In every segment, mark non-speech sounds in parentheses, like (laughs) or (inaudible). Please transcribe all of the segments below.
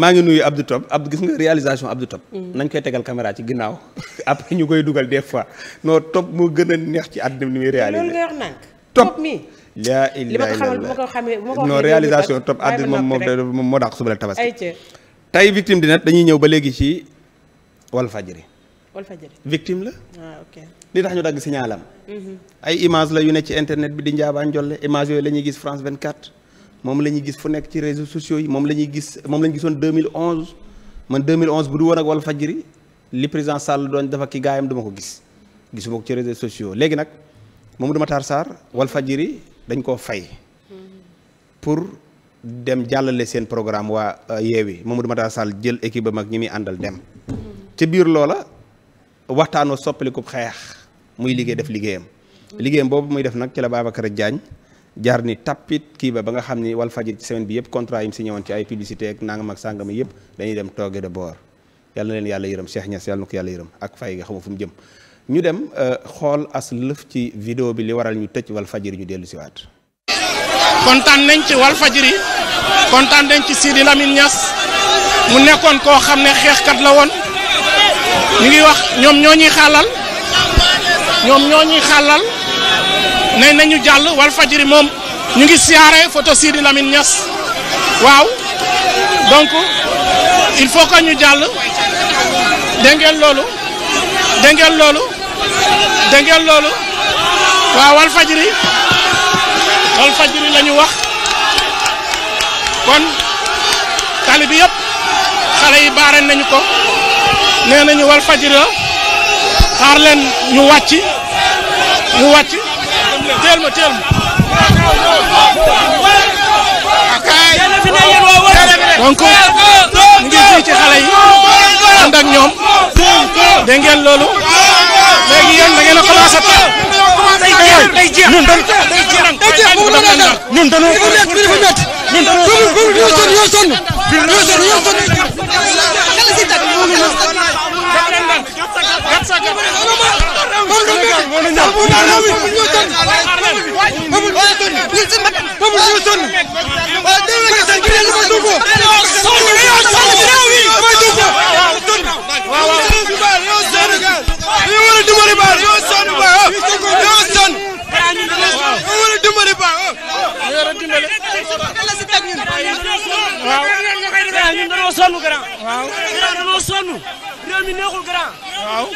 maa ngi nuyu Abdou Top gis nga réalisation Abdou Top mm. nañ koy tegal caméra ci ginnaaw (laughs) après ñu koy dugal de fois non Top moo gën a neex ci àddina bi ni muy réaliser loolu nga wax nànk Top mi laa ilaaha illallaah non réalisation moom moom da moom moo dàq suba la tabaski tey di dina dañuy ñëw ba léegi ci Walfadjri Walfadjri victime la ah ok li tax ñu dagg signalam mhm. ay image la yu ne ci internet bi di njaabaan jolle image yooyu la ñuy gis France 24 moom la ñuy gis fu nekk ci réseaux sociaux yi moom la ñuy gis moom la ñu gisoon 2011 man 2011 bu du woon ak wal fajiri li président Sall doon dafa ki gaayam duma ko gis gisuma ko ci réseaux sociaux léegi nag Mamadou Matar Sarr wal fajiri dañ koo fay pour dem jàllale seen programme waa moom euh, Mamadou Matar Sall jël équipe ba mag ñi muy àndal dem ci biir loola waxtaanoo soppaliku xeex muy liggéey def liggéeyam liggéeyam boobu muy def nag ci la Babacar Diagne jar ni tappit kii ba ba nga xam ni Walfadjri ci semaine bi yëpp contrat yi mu si ñëwoon ci ay publicité ak nangam ak sàngam yëpp dañuy dem tooge de boor yàlla na leen yàlla yërëm seex Niass yàlla na ko yàlla yërëm ak fay nga xamu fu mu jëm ñu dem euh, xool as lëf ci vidéo bi li waral ñu tëj Walfadjri ñu dellu kontaan nañ ci Walfadjri kontaan nañ mu nekkoon koo xam ne xeexkat la woon ñu ngi wax ñoom ñoo ñuy xaalal ñoom ñoo ñuy xaalal ne nañu jàll Walfadjri moom ñu ngi siyaare photo Sidi Lamine Niass waaw donc il faut ñu jàll dégg ngeen loolu dégg loolu dégg ngeen loolu waaw Walfadjri Walfadjri wax kon tali bi xale yi baare nañu ko nee nañu Walfadjri la xaar leen ñu wàcc ñu wàcc. teel ma teel ma. donc ñu ngi fii ci xale yi ànd ak ñoom dégg ngeen loolu léegi yéen da ngeen a commencé day jeex ñun dañu day jeex day jeex boobu la ngay def ñun dañu ñun dañu ñun dañu ñoo sonn ñoo sonn ñoo sonn dimbali baax waaw grand ñun dañoo sonn grand. waaw grand dañoo réew mi neexul grand. waaw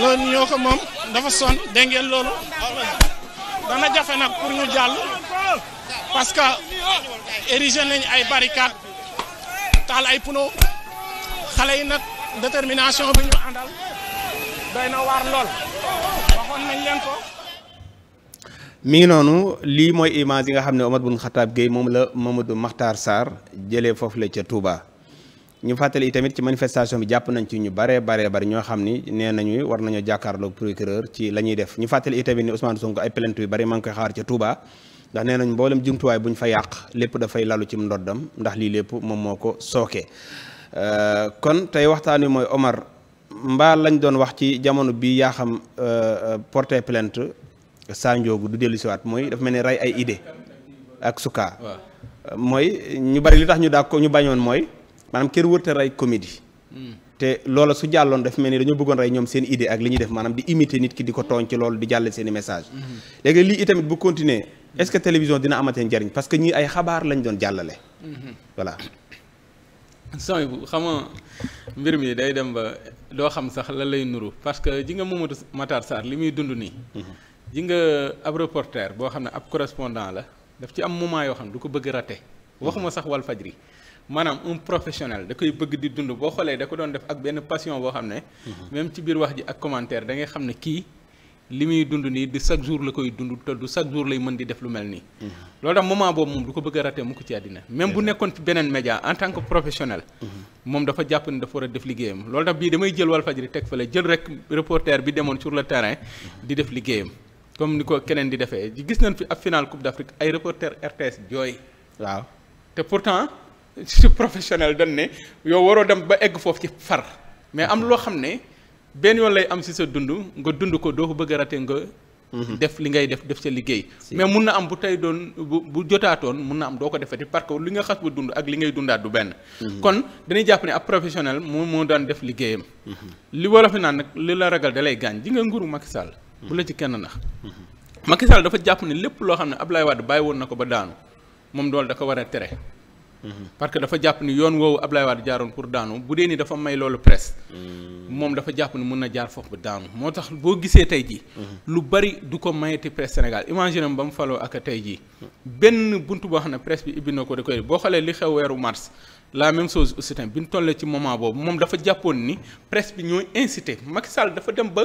loolu ñoo ko moom dafa son dégg ngeen loolu. dana jafe nag pour ñu jàll parce que érigé nañ ay barricades taal ay pneu xale yi nag détermination bi ñu àndal doy na waar lool waxoon nañ leen mi ngi noonu lii mooy image yi nga xam ne Omar bun Xataab Gueye moom la Mamadou Makhtar Sarr jëlee foofu la ca Touba. ñu fàttali tamit ci manifestation bi jàpp nañ ci ñu bare bare bari ñoo xam ni nee nañu war nañoo jàkkaarloog procureur ci la ñuy def ñu fàttali tamit ni Ousmane Sonko ay plainte yu bari maa ngi koy xaar ca Touba. ndax nee nañ mboolem jumtuwaay bu ñu fa yàq lépp dafay lalu ci ndoddam ndax lii lépp moom moo ko sooke euh, kon tey waxtaan wi mooy Omar mbaa lañ doon wax ci jamono bi yaa xam euh, euh, porté plainte saa njoogu du dellu siwaat mooy dafa mel ne rey ay idée ak suka mooy ñu bari li tax ñu daa ko ñu bañoon mooy maanaam kër wërte rey comédie hmm. te loola su jàlloon dafa mel ni dañoo bëggoon rey ñoom seen idée ak li ñuy def maanaam di imiter nit ki di ko tooñ ci loolu di jàllale seen i message hmm. léegi lii itamit bu continuer est-ce que télévision dina amatee njariñ parce que ñii ay xabaar lañ doon jàllale hmm. voilà sooy bu xam mbir mi day dem ba doo xam sax la lay nuru parce que ji nga Mamadou Matar Sarr li muy dund nii yi nga ab reporter boo xam ne ab correspondant la daf ci am moment yoo xam ne du ko bëgg raté waxuma sax walfaj fajri maanaam un professionnel da koy bëgg di dund boo xoolee da ko doon def ak benn passion boo xam ne mhm. même ci biir wax ji ak commentaire da ngay xam ne kii li muy dund nii di chaque jour la koy dund te du chaque jour lay mën di def lu mel nii mhm. loolu tax moment boobu moom du ko bëgg a raté mu ko ci àddina même bu nekkoon ci beneen média en tant que professionnel mhm. moom dafa jàpp ne dafa def liggéeyam loolu tax bii damay jël Walfadjri teg fale jël rek reporter bi demoon sur le terrain di def liggéeyam comme ni ko keneen di defee gis nañ fi ab final coupe d' afrique ay reporter RTS jooy. waaw te pourtant su (laughs) professionnel dañ ne yow waroo dem ba egg foofu ci far. mais am loo xam ne benn yoon lay am si sa dund nga dund ko doo ko bëgg a rate nga. Mhm. def li ngay def def sa liggéey. mais mun na am bu tey doon bu bu jotaatoon mun na am doo ko defati parce que li nga xas ba dund ak li ngay dundaat du benn. Mhm. kon dañuy jàpp ne ab professionnel moom moo daan def liggéeyam. Mhm. li wolof naan nag li la ragal da lay gaañ ji nga nguuru Macky Sall bu la ci kenn nax Macky Sall dafa jàpp ne lépp loo xam ne ab Ablaye Wade bàyyi woon na ko ba daanu moom dool da ko war a tere parce que dafa jàpp ni yoon woowu Ablaye Wade jaaroon pour daanu bu dee ni dafa may loolu presse. moom dafa jàpp ni mun na jaar foofu ba daanu moo tax boo gisee tey jii. lu bari du ko mayati presse Sénégal imagine ba mu faloo ak tey jii benn buntu boo xam ne presse bi ibbi na ko da koy boo xoolee li xew weeru mars la même chose aussi tamit bi ñu tollee ci moment boobu moom dafa jàppoon ni presse bi ñooy incité Macky Sall dafa dem ba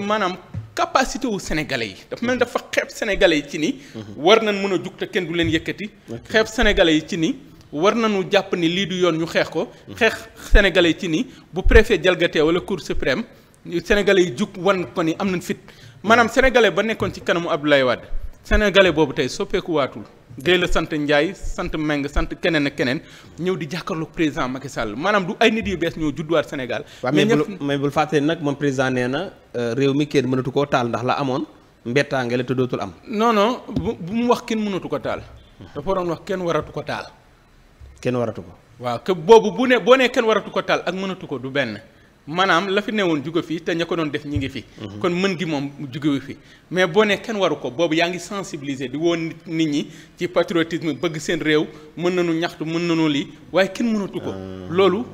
maanaam. capacité wu sénégalais yi dafa mel dafa xeep sénégalais yi ci ni. war nañ mën a jug te kenn du leen yëkkati. xeeb sénégalais yi ci nii war na nañu jàpp ni lii du yoon ñu xeex ko. xeex sénégalais yi ci ni bu préfet jalgatee wala cour suprême sénégalais yi jug wan ko ni am nañ fit maanaam sénégalais ba nekkoon ci kanamu Abdoulaye Wade. sénégalais boobu tey soppeekuwaatul day la sant Ndiaye sant Meng sant keneen ak keneen ñëw di jàkkaarloog président Macky Sall maanaam du ay nit yu bees ñoo judduwaat Sénégal. mais ñëpp mais bul fàtte nag moom président nee na euh, réew mi kenn mënatu koo taal ndax la amoon mbettaange la te dootul am. non bu mu wax kenn mënatu ko taal. dafa waroon wax kenn waratu ko taal. kenn waratu ko. waaw que boobu bu nee boo nee kenn waratu ko taal ak mënatu ko du benn. maanaam lafi fi newoon juga fii te ña ko doon def ñi ngi fi. Mhm. kon mën gi moom jugewu fi mais boo ne kenn waru ko boobu yaa ngi sensibiliser di woon nit ñi ci patriotisme bëgg seen réew mën na ñu ñaxtu mën na nañu lii waaye kenn mënatu ko. Ah. loolu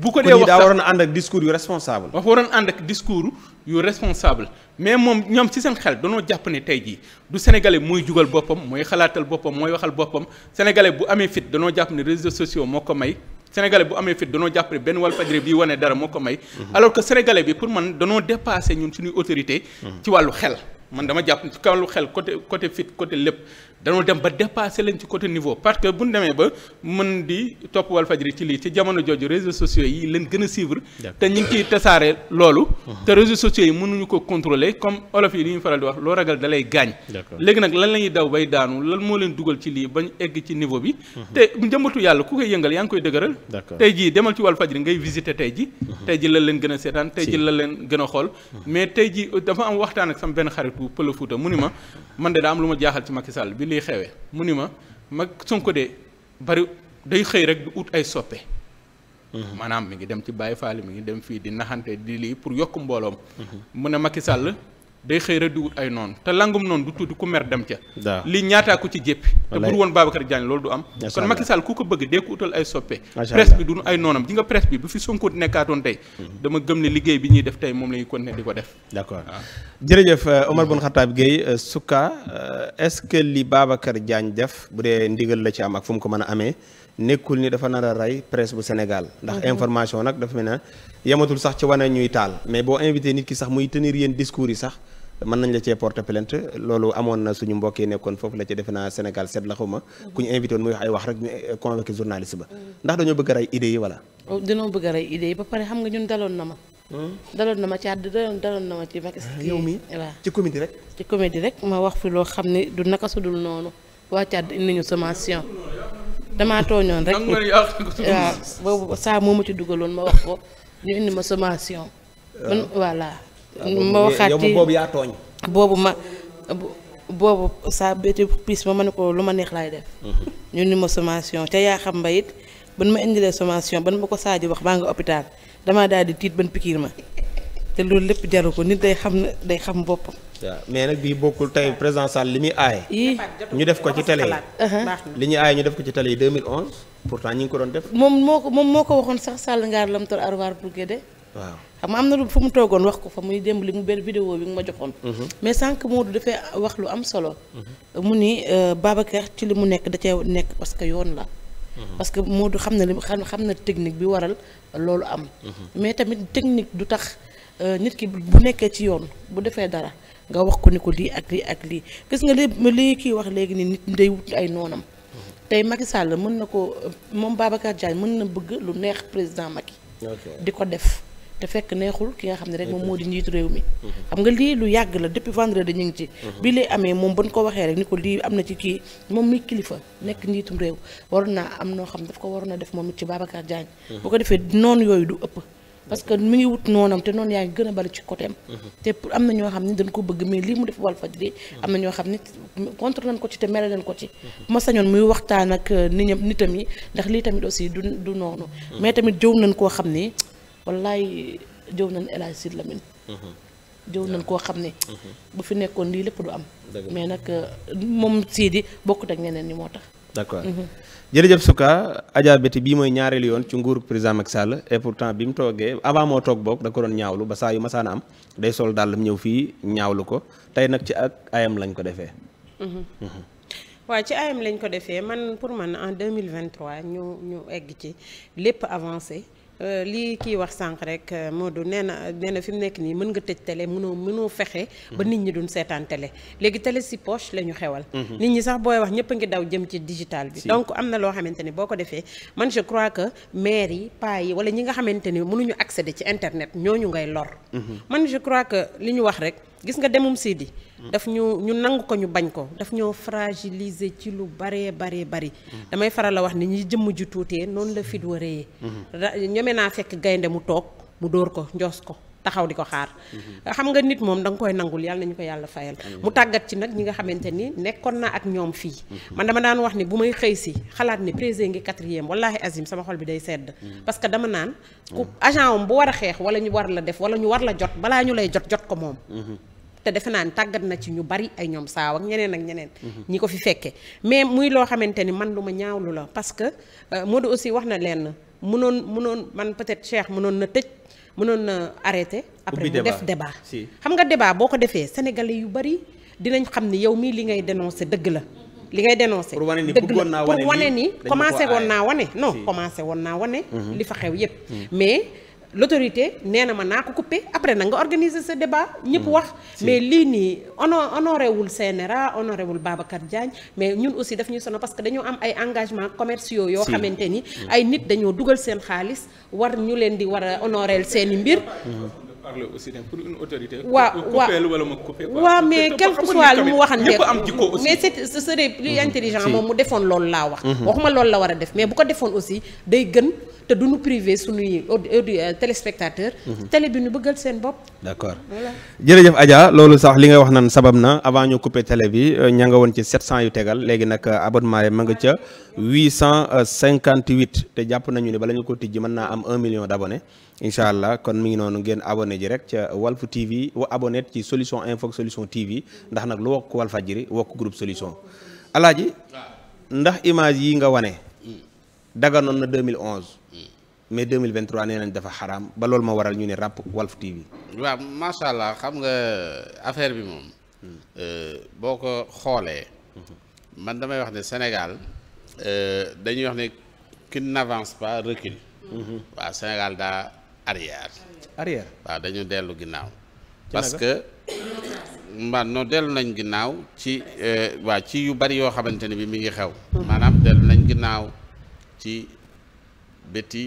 bu ko dee wax daa waroon ànd ak yu responsable. wax waroon ànd ak discours yu responsable mais moom ñoom ci seen xel danoo jàpp ne tey jii du sénégalais mooy jugal boppam mooy xalaatal boppam mooy waxal boppam sénégalais bu amee fit danoo jàpp ne réseaux sociaux moo ko may. sénégalais bu amee fit danoo jàppale benn Walfadjri bi wane dara moo ko may alors que sénégalais bi pour man danoo dépassé ñun suñuy autorité mmh. ci wàllu xel man dama jàpp ci wàllu xel côté côté fit côté lépp dañoo dem ba dépassé leen ci côté niveau parce que bu ñu demee ba mën di topp Walfadjri ci lii ci jamono jooju réseaux sociaux yi leen gën a suivre. te ñu ngi ciy tasaare loolu. Uh-huh. te réseaux sociaux yi mënuñu ko contrôler comme olof yi li ñu faral di wax loo ragal da lay gaañ. léegi nag lan la ñuy daw bay daanu lan moo leen dugal ci lii bañ egg ci niveau bi. Uh-huh. te njëmbatu yàlla ku koy yëngal yaa ngi koy dëgëral. tey jii demal ci Walfadjri ngay visiter tey jii. Uh-huh. tey jii la leen gën a seetaan la leen gën a xool. mais tey jii dafa am waxtaan ak sama benn xaritu pël Fuuta mu ni ma man de am lu ma jaaxal ci Macky Sall bi lii xewee mu ni ma mag Sonko de bari day xëy rek du ut ay soppe mhm. maanaam mi ngi dem ci Baye Fall mi ngi dem fii di naxante di lii pour yokk mbooloom. Mhm. mu ne Macky Sall day xëy rek di wut ay noonu te langum noonu du tuuti ku mer dem ca. waaw lii ñaataa ko ci jéppi. te bu woon Babacar Diagne loolu du am. kon Macky Sall ku ko bëgg dee ko utal ay soppe. presse bi du nu ay noonam ji nga presse bi bu fi Sonko nekkaatoon tey. Mhm. dama gëm ne liggéey bi ñuy def tey moom la ñuy continuer di ko def. d'accord ah. jërëjëf euh, Omar Boun Khattab Gueye euh, Souka euh, est-ce que li Babacar Diagne def bu dee ndigal la ci am ak fu mu ko mën a amee nekkul ni dafa nar a rey presse bu Sénégal ndax mhm. information nag dafa mel yamatul sax ci wane ñuy taal mais boo invité nit ki sax muy tenir yéen discours yi sax mën nañ la cee porte plainte loolu amoon na suñu mbokk nekkoon foofu la ci defe naa Sénégal seet la xawma ku ñu invité woon muy wax ay wax eh, ba mm. ndax oh, na ma hmm? daloon na ma ci àdd daloon na ma ci rek ci comédie rek xam ne du naka sudul noonu waa càdd indi ñu sommation damaa tooñoon saa moo ma ci dugaloon ma wax ko ñu indi ma sommation. Ah. man voilà. Ah, ma waxaat ci boobu yaa tooñ. boobu ma boobu saa béti piis ma ma ne ko lu ma neex laay def. Mm-hmm. ñu indi ma sommation te yaa xam mbayit ban ma indilee sommation ban ma ko Sadio wax baa ngi hôpital damaa daal di tiit ban pikiir ma te loolu lépp jaru ko nit day xam ne day xam bopp waaw mais nag bii bokkul tey président Sall li muy aaye. ñu def ko ci tele yi li ñuy aaye ñu def ko ci télé yi pourtant ñi ngi ko doon def. moom moo ko moom moo ko waxoon sax Sall ngaar lam tor arwaar pour Guédé. waaw xam nga am na lu fu mu toogoon wax ko fa muy démb li mu benn vidéo bi nga ma joxoon. Mhm. mais sànq Modou defee wax lu am solo. Mhm. mu ni euh, Babacar ci li mu nekk da cee nekk parce que yoon la. Mhm. parce que Modou xam na li xam xam na technique bi waral loolu am. mais tamit technique du tax euh, nit ki bu nekkee ci yoon bu defee dara nga wax ko ni ko lii ak lii ak lii gis nga li li kii wax léegi ni nit day wut ay noonam. tey Macky Sall mën na ko moom Babacar Diagne mën na bëgg lu neex président yi di ko def te fekk neexul ki nga xam ne rek moom moo di njiitu réew mi mhm. xam nga lii lu yàgg la depuis vendredi ñu ngi ci mhm. bi lay amee moom bañ ko waxee rek ni ko lii am na ci kii moom mi kilifa nekk njiitum réew waroon naa am noo xam daf ko waroon na def moom it ci Babacar Diagne mhm. bu ko defee noonu yooyu du ëpp parce que mu ngi wut noonam te noon yaa ngi gën a bari ci côté am te pour am na ñoo xam ne dañ ko bëgg mais lii mu def Walfadjri am na ñoo xam ni contre nañ ko ci te mere ko ci bu ma sañoon muy waxtaan ak euh, nit ñam nitam yi ndax lii tamit aussi du du noonu mais tamit jëw nañ koo xam ni wallaay jëw nañ El Hadj Sidy Lamine jëw nañ koo xam ne bu fi nekkoon lii lépp du am mais nag euh, moom Sidy bokk ak ñeneen ni moo tax d'accord mm-hmm. jërëjëf Souka Adja Betty bii mooy ñaareelu yoon ci nguuru président Macky Sall et pourtant bi mu toogee avant moo toog boog da ko doon ñaawlu ba saa yu masaana am day sol dàllam ñëw fii ñaawlu ko tey nag ci ak ayam lañ ko defee. Mm-hmm. Mm-hmm. waaw ci ayam lañ ko defee man pour man en 2023 ñu ñu egg ci lépp avancé. Euh, li kii wax sànq rek euh, Modou nee na nee na fi mu nekk nii mën nga tëj télé mënoo mënoo fexe. ba mhm. nit ñi duñ seetaan télé léegi tele si poche la ñu xewal. Mhm. nit ñi sax booy wax ñëpp a ngi daw jëm ci digital bi. donc am na loo xamante ni boo ko defee man je crois que maire yi paa yi wala ñi nga xamante ni mënuñu accéder ci internet ñooñu ngay lor. Mhm. man je crois que li ñu wax rek. gis nga demum di daf ñu ñu nangu ko ñu bañ ko daf ñoo fragiliser ci lu baree baree bari. damay faral a wax ni ñi jëmm ju tuutee noonu la fit waree. ñeme naa fekk gaynde mu toog mu dóor ko njoos ko. taxaw di ko xaar xam nga nit moom da koy nangul yàlla ñu ko yàlla fayal mu tàggat ci nag ñi nga xamante ni nekkoon na ak ñoom fii man dama daan wax ni bu may xëy si xalaat ni président ngi quatrième wallahi azim sama xol bi day sedd parce que dama naan mm. agent am war xeex wala ñu war la def wala ñu war la jot balaa ñu lay jot jot ko moom te defe naa tàggat na ci ñu bari ay ñoom saaw ak ñeneen ak ñeneen. Mhm. ñi ko fi fekkee mais muy loo xamante ni man lu ma ñaawlu la parce que euh, Modou aussi wax na leen mënoon mënoon man peut-être Cheikh mënoon na tëj mënoon na arrêté. après mu def débat xam nga débat boo ko defee sénégalais yu bari dinañ xam ni yow mii li ngay dénoncé dëgg la. li ngay dénoncé dëgg la pour wane ni commencé woon naa wane no commencé woon naa wane. li fa xew yépp mhm. mais. l'autorité nee na ma naa ko coupé après na nga organiser sa débat ñëpp hmm. wax mais lii nii ono honoré wul CNRA honoré wul Babacar Diagne mais ñun aussi daf ñu sono parce que dañoo am ay engagement commerciaux yoo xamante ni hmm. ay nit dañoo dugal seen xaalis war ñu leen di war a honoré seeni mbir hmm. parler aussi donc pour autorité. waaw waaw wala ma coupé quoi. mais quel que soit lu mu waxante ñëpp am jikko aussi mais c'est ce serait plus intelligent moom mu defoon loolu laa wax. waxuma loolu la war a def mais bu ko defoon aussi day gën. te du ñu privé suñuy audi euh, téléspectateur mhm. télé bi ñu bëggal seen bopp. d'accord jërëjëf Adja loolu sax li nga wax nan sabab na avant ñu coupé télé bi euh, ña nga woon ci 700 yu tegal léegi nag euh, abonnement ma nga ca 858 te jàpp nañu ne bala ñu ko tijji mën naa am un million d'abonnés incha allah kon mi ngi noonu ngeen abonné ji rek ca Walf TV wa abonné ci solution info solution TV ndax nag lu wokk Walfadjri wokk groupe solution. Alaaji ndax yi nga wane. daganoon na 2011. Hmm. mais 2023 nee nañ dafa xaraam ba loolu ma waral ñu ne ràpp Walf TV. waa macha allah xam nga euh, affaire bi moom. Hmm. Euh, boo ko xoolee. Hmm. man damay wax ne Sénégal euh, dañuy wax ne qui n'avance pas recule. waaw Sénégal daa arrière. arrière waaw dañu dellu ginnaaw. parce que mbaa non dellu nañ ginnaaw ci waa ci yu bari yoo xamante ne bi mi ngi xew. maanaam dellu nañ ginnaaw. ci bëti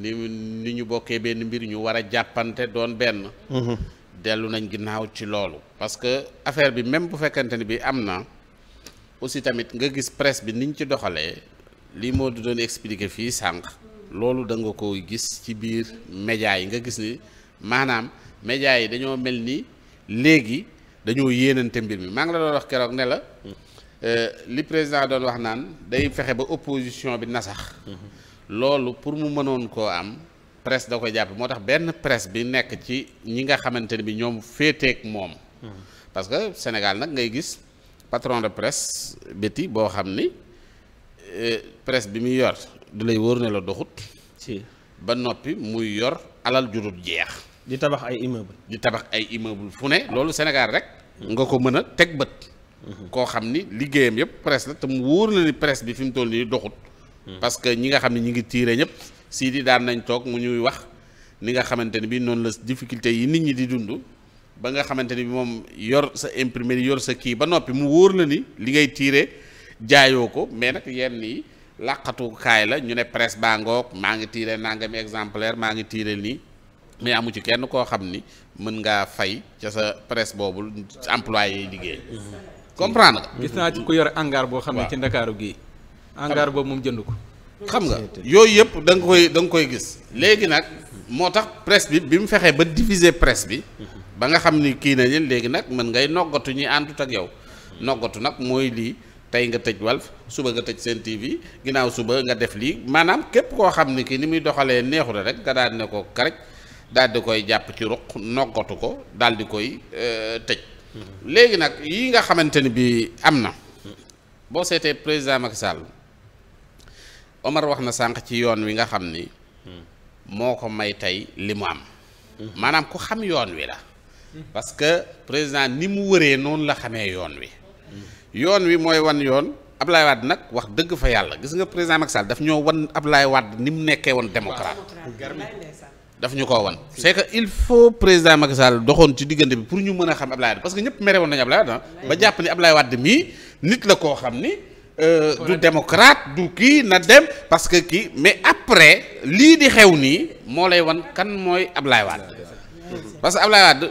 ni ni ñu bokkee benn mbir ñu war a jàppante doon benn mhm. dellu nañ ginnaaw ci loolu parce que affaire bi même bu fekkante ni bi am na aussi tamit nga gis presse bi niñ ci doxalee lii moo di doon expliquer fii sànq loolu da nga ko gis ci biir médias yi nga gis ni maanaam médias yi dañoo mel ni léegi dañoo yéenante mbir mi maa ngi la doon wax keroog ne la mm. Euh, li président doon wax naan day fexe ba opposition bi nasax loolu pour mu mënoon koo am presse da koy jàpp moo tax benn presse bi nekk ci ñi nga xamante ne bi ñoom féeteek moom parce que Sénégal nag ngay gis patron de presse béti boo xam ni euh, presse bi muy yor du lay wóor ne la doxut si ba noppi muy yor alal ju jeex di tabax ay immeuble di tabax ay immeuble fu ne loolu Sénégal rek nga ko mën a teg bët koo xam ni liggéeyam yëpp presque la te mu wóor na ni presse bi fi mu toll nii doxut. parce que ñi nga xam ne ñi ngi tiire ñëpp sii di daan nañ toog mu ñuy wax ni nga xamante ni bi noonu la difficulté yi nit ñi di dund ba nga xamante ni bi moom yor sa imprimerie yor sa kii ba noppi mu wóor la ni li ngay tiire jaayoo ko mais nag yenn yi làqatukaay la ñu ne presse baa ngoog maa ngi tiire nangami exemplaire maa ngi tiire nii mais amu ci kenn koo xam ni mën ngaa fay ca sa presse boobu employé yi liggéey comprendre gis naa ci ku yore hangar boo xam ne ci ndakaaru gii. hangar boobu moom jënd ko. xam nga yooyu yëpp da nga koy da nga koy gis léegi nag moo tax presse bi bi mu fexee ba diviser presse bi ba nga xam ni kii na leen léegi nag mën ngay noggatu ñi àndut ak yow noggatu nag mooy lii tey nga tëj Walf suba nga tëj seen TV ginnaaw suba nga def lii maanaam képp koo xam ni kii ni muy doxalee neexu la rek nga daal ne ko karaj daal di koy jàpp ci ruq noggatu ko daal di koy euh, tëj léegi nag yii nga xamante ni bi am na boo seetee président Macky Sall Omar wax na sànq ci yoon wi nga xam ni moo ko may tey li mu am maanaam ku xam yoon wi la parce que président ni mu wëree noonu la xamee yoon wi yoon wi mooy wan yoon Ablaye Wade nag wax dëgg fa yàlla gis nga président Macky Sall daf ñoo wan laay Wade ni mu nekkee woon démocrate daf ñu ko wan c'est que il faut président Macky Sall doxoon ci diggante bi pour ñu mën a xam Ablaye Wade parce que ñëpp mere woon nañu Ablaye Wade ah. ba jàpp ni Ablaye Wade mii nit la koo xam ni euh, du démocrate du kii na dem parce que kii mais après lii di xew nii moo lay wan kan mooy ab laay Wade parce que Ablaye Wade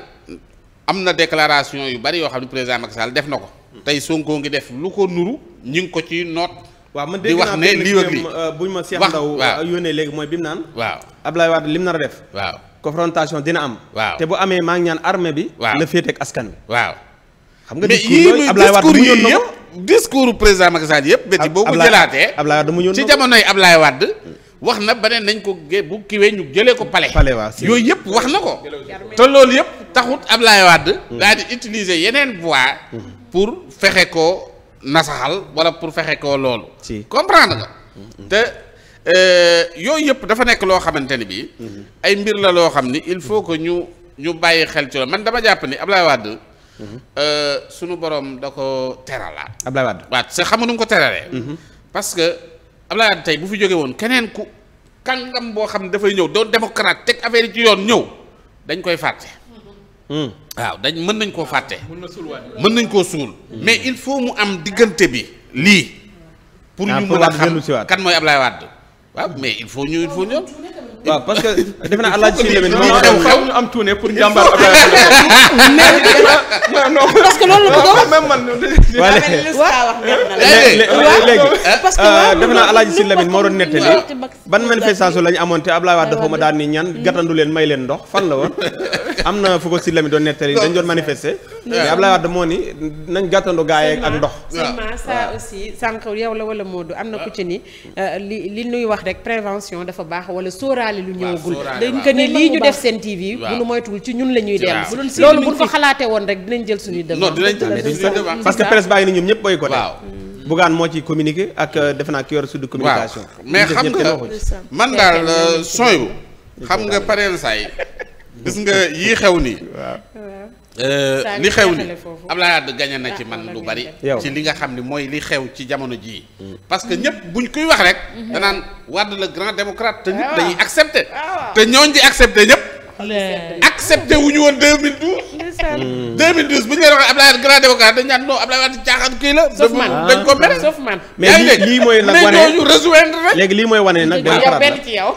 am na déclaration yu bari yoo xam ne président Macky Sall def na ko tey Sonko ngi def lu ko nuru ñi ngi ko ci noot waaw man dégg naa ne lii ak lii euh, buñ ma Cheikh Ndaw euh, yónnee léegi mooy bi mu naan waaw Abdoulaye Wade li mu nar a def waaw confrontation dina am waaw te bu amee maa ñaan armée bi na féete ak askan bi waaw xam nga discours Abdoulaye Wade mu ñoon na discours président Macky Sall yëpp béti boobu jëlaatee Abdoulaye Wade mu ñoon ci wax na beneen nañ ko gé bu kiwee ñu jëlee ko pale yooyu yëpp wax na ko te loolu yëpp taxut Abdoulaye Wade mm. daal di utiliser yeneen voie mm. pour fexe ko nasaxal wala pour fexe ko loolu. si comprendre nga. Mm-hmm. Mm-hmm. te euh, yooyu yëpp dafa nekk loo xamante ni bii. Mm-hmm. ay mbir la loo xam ni il faut que ñu ñu bàyyi xel ci loolu man dama jàpp ni Ablaye Wade. Euh, sunu borom da ko terala. Ablaye Wade waaw c'est xam nga nu ko teralee. parce que Ablaye Wade tey bu fi jóge woon keneen ku kàngam boo xam ne dafay ñëw doon démocrate teg affaire yi ci yoon ñëw dañ koy fàtte. waaw dañ mën nañ koo fàtte. mën nañ koo suul. mais il faut mu am diggante bi lii. pour ah, ñu mën a xam kan mooy Ablaye Wade waaw mais il faut ñu il que defe naa alaaji si lemin moo xew am tuune pour jàmbaar (laughs) (laughs) parce que loolu la bëgg même man léegi euh, defe naa alaaji si lemin moo la ñu amoon te Ablaye Wade ma daan ni ñaan leen may leen ndox fan la woon (laughs) am na fu ko si lami doon nettali dañ doon manifester. mais Ablaye Wade moo ni nañ gàttandoo gaayee ak ndox. vraiment ça aussi sànq yow la wala Modou am na ku ci ni euh, li li nuy wax rek prévention dafa baax wala sóoraale lu ñëwagul. dañ ko ni lii ñu def seen TV. bu nu moytuwul ci ñun la ñuy dem. loolu bu ñu ko xalaatee woon rek dinañ jël suñuy dem. non dinañ ah, jël suñuy dem parce que presse baa ngi ni ñoom ñëpp boycotté. waaw Bougane moo ci communiqué ak euh, defe naa ki yor sud communication. mais euh, xam nga man daal sooyu xam nga pareen saay gis nga yii xew nii. waaw euh, li xew nii Abdoulaye Wade gañe na ci man lu bari. ci li nga xam ni mooy li xew ci jamono jii. Mm. parce que ñëpp buñ koy wax rek. Mm-hmm. danaan Wade le grand démocrate te ñëpp ah. dañuy accepté. Ah, te ñooñ di accepté ñëpp. accepté wu ñu woon 2012. 2012 mm. bu ñu leen waxee Abdoulaye Wade grand démocrate dañ naan non Abdoulaye Wade la. dañ ko mere sauf mais lii mooy mais ñooñu rejoindre rek. léegi lii mooy wane nag. benn ci yow.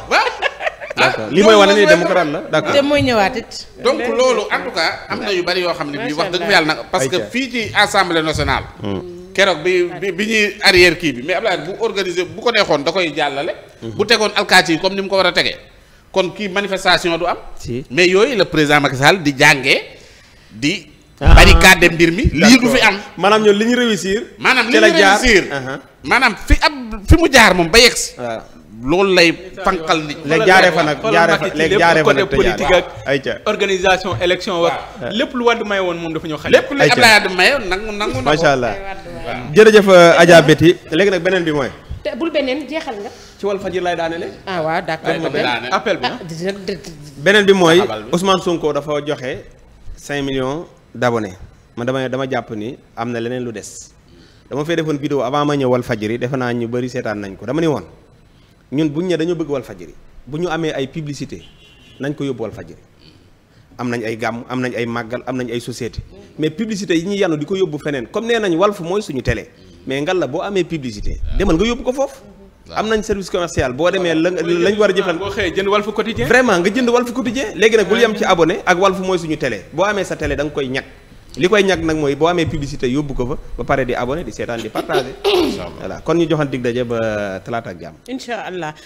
d'accord ah, li mooy wane ni démocrate la d'accord te mooy ñëwaat it donc loolu en tout cas am na yu bari yoo xam ne bi wax dëgg yàlla nag parce que fii ci assemblée nationale hmm. keroog bi bi bi ñuy arrière kii bi mais Abdoulaye bu organisé bu ko neexoon da koy jàllale hmm. bu tegoon alkaati yi comme ni mu ko war a tegee kon kii manifestation du am mais yooyu le président Macky Sall di jàngee di ah. barricade mbir mi lii du fi am maanaam ñoo li ñu réussir maanaam li ñu uh-huh. maanaam fi ab fi mu jaar moom ba loolu lay fanqal nit léegi jaaree fa nag jaaree fa léegi jaaree fa nag te politique ak ayca organisation élection wax ah. lépp lu Wade may woon moom dafa ñëw xale lépp lu Abdoulaye Wade mayoon nangu nangu macha allah jërëjëf euh, Adja Betty léegi nag beneen bi mooy te bul ci wàllu fajir lay daanele ah waaw d'accord ah, ah. beneen bi mooy Ousmane Sonko dafa joxe cinq millions d'abonnés ma dama dama jàpp ni am na leneen lu des dama fee defoon vidéo avant ma ñëw wal fajiri defe naa ñu bari seetaan nañ ko dama ni woon ñun bu ñu ne dañoo bëgg Walfadjri bu ñu amee ay publicité nañ ko yóbbu Walfadjri am nañ ay gàmm am nañ ay màggal am nañ ay société mais publicité yi ñuy yanu di ko yóbbu feneen comme nee nañ Walf mooy suñu télé mais ngal la boo amee publicité demal nga yóbbu ko foofu am nañ service commercial boo demee la lañ war a jëfan boo xëyee jënd Walf quotidien vraiment nga jënd Walf quotidien léegi nag bul yem ci abonné ak Walf mooy suñu telee boo amee sa télé da nga koy ñàkk li koy ñàkk nag mooy boo amee publicité yóbbu ko fa ba pare di abonné di seetaan di partager. (coughs) voilà kon ñu joxan dig daje ba talaata ak jàmm. incha allah.